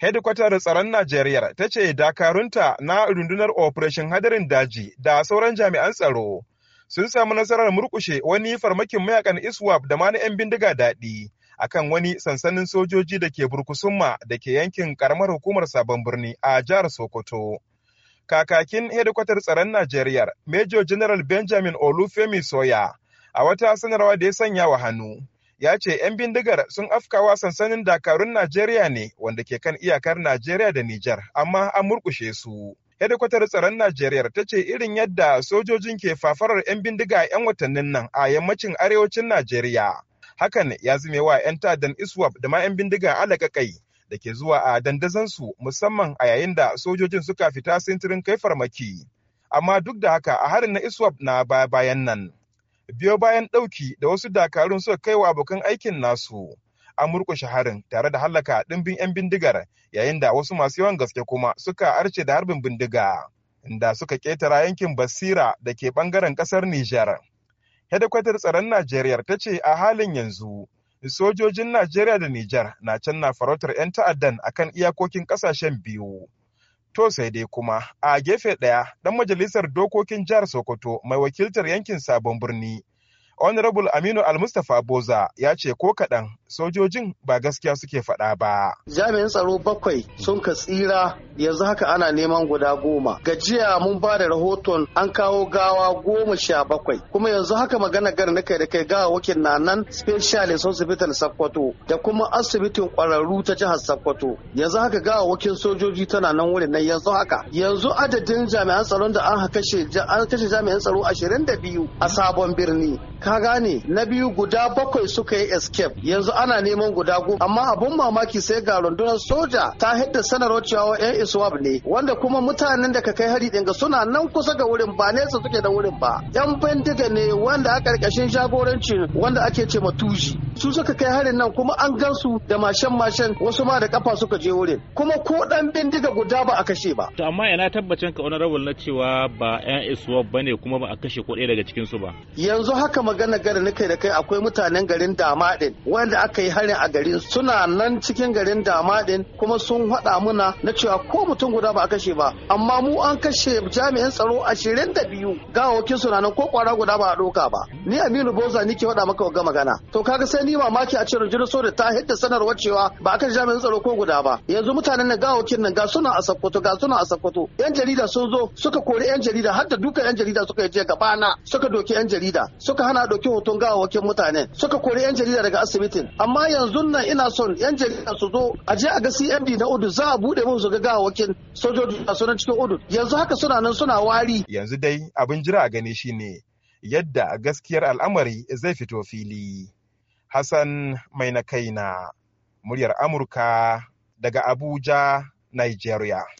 hedikwatar tsaron Najeriya ta ce dakarunta na rundunar operation hadarin daji da sauran jami'an tsaro sun samu nasarar murkushe wani farmakin mayakan iswap da mana 'yan bindiga daɗi a kan wani sansanin sojoji da ke burkusumma da ke yankin karamar hukumar sabon birni a jihar sokoto kakakin hedikwatar tsaron najeriya major general benjamin olufemi soya a wata sanarwa da ya sanya wa hannu ya ce 'yan bindigar sun afkawa sansanin dakarun Najeriya ne wanda ke kan iyakar Najeriya da Nijar, amma an murkushe su. hedikwatar tsaron Najeriya ta ce irin yadda sojojin ke fafarar 'yan bindiga 'yan watannin nan a yammacin arewacin Najeriya. Hakan ya zime wa 'yan tadan ISWAP da ma 'yan bindiga alaƙaƙai da ke zuwa a dandazansu musamman a yayin da sojojin suka fita sintirin kai farmaki. Amma duk da haka a harin na ISWAP na baya-bayan nan. biyo bayan ɗauki da wasu dakarun suka kai wa abokan aikin nasu an murƙushe harin tare da hallaka ɗimbin 'yan bindigar yayin da wasu masu yawan gaske kuma suka arce da harbin bindiga da suka ƙetara yankin basira da ke ɓangaren ƙasar nijar hedikwatar tsaron najeriya ta ce a halin yanzu sojojin najeriya da nijar na can na farautar 'yan ta'addan akan iyakokin ƙasashen biyu To sai dai kuma a gefe ɗaya ɗan majalisar dokokin jihar Sokoto mai wakiltar yankin Sabon Birni Honorable Aminu Almustapha Boza ya ce ko kaɗan sojojin ba gaskiya suke faɗa ba. Jami'in tsaro bakwai sun ka tsira yanzu haka ana neman guda goma. Gajiya mun ba da rahoton an kawo gawa goma sha bakwai. Kuma yanzu haka magana gar na kai da kai gawa wakin na nan special hospital Sokoto da kuma asibitin ƙwararru ta jihar Sokoto. Yanzu haka gawa wakin sojoji tana nan wurin nan yanzu haka. Yanzu adadin jami'an tsaron da an kashe an kashe jami'an tsaro ashirin da biyu a sabon birni. Ka gane na biyu guda bakwai suka yi escape yanzu ana neman guda goma amma abun mamaki sai ga rundunar soja ta hidda sanarwar cewa yan iswab ne wanda kuma mutanen da ka kai hari ɗin suna nan kusa ga wurin ba nesa suke da wurin ba yan bindiga ne wanda a karkashin jagorancin wanda ake ce ma tuji su suka kai harin nan kuma an gansu da mashen mashen wasu ma da kafa suka je wurin kuma ko dan bindiga guda ba a kashe ba to amma yana tabbacin ka honorable na cewa ba yan iswa bane kuma ba a kashe ko ɗaya daga cikin su ba yanzu haka magana gari nake da kai akwai mutanen garin dama din wanda aka yi harin a garin suna nan cikin garin damadin kuma sun haɗa muna na cewa ko mutum guda ba a kashe ba amma mu an kashe jami'in tsaro ashirin da biyu gawakin suna nan ko kwara guda ba a ɗauka ba ni aminu boza nike faɗa maka ga magana to kaga sai ni mamaki a cikin rundunar soja ta hidda sanarwar cewa ba a kashe jami'in tsaro ko guda ba yanzu mutanen na gawakin nan ga suna a sakkwato ga suna a sakkwato yan jarida sun zo suka kori yan jarida har da duka yan jarida suka je gabana suka doki yan jarida suka hana doki hoton gawakin mutanen suka kori yan jarida daga asibitin amma yanzu nan ina son yan jarida su zo a je a ga CMD na Udu za a bude ga wakil sojoji a sunan cikin Udu yanzu haka suna nan suna wari yanzu dai abin jira a gani shine yadda gaskiyar al'amari zai fito fili Hassan mai na kai na muryar Amurka daga Abuja Nigeria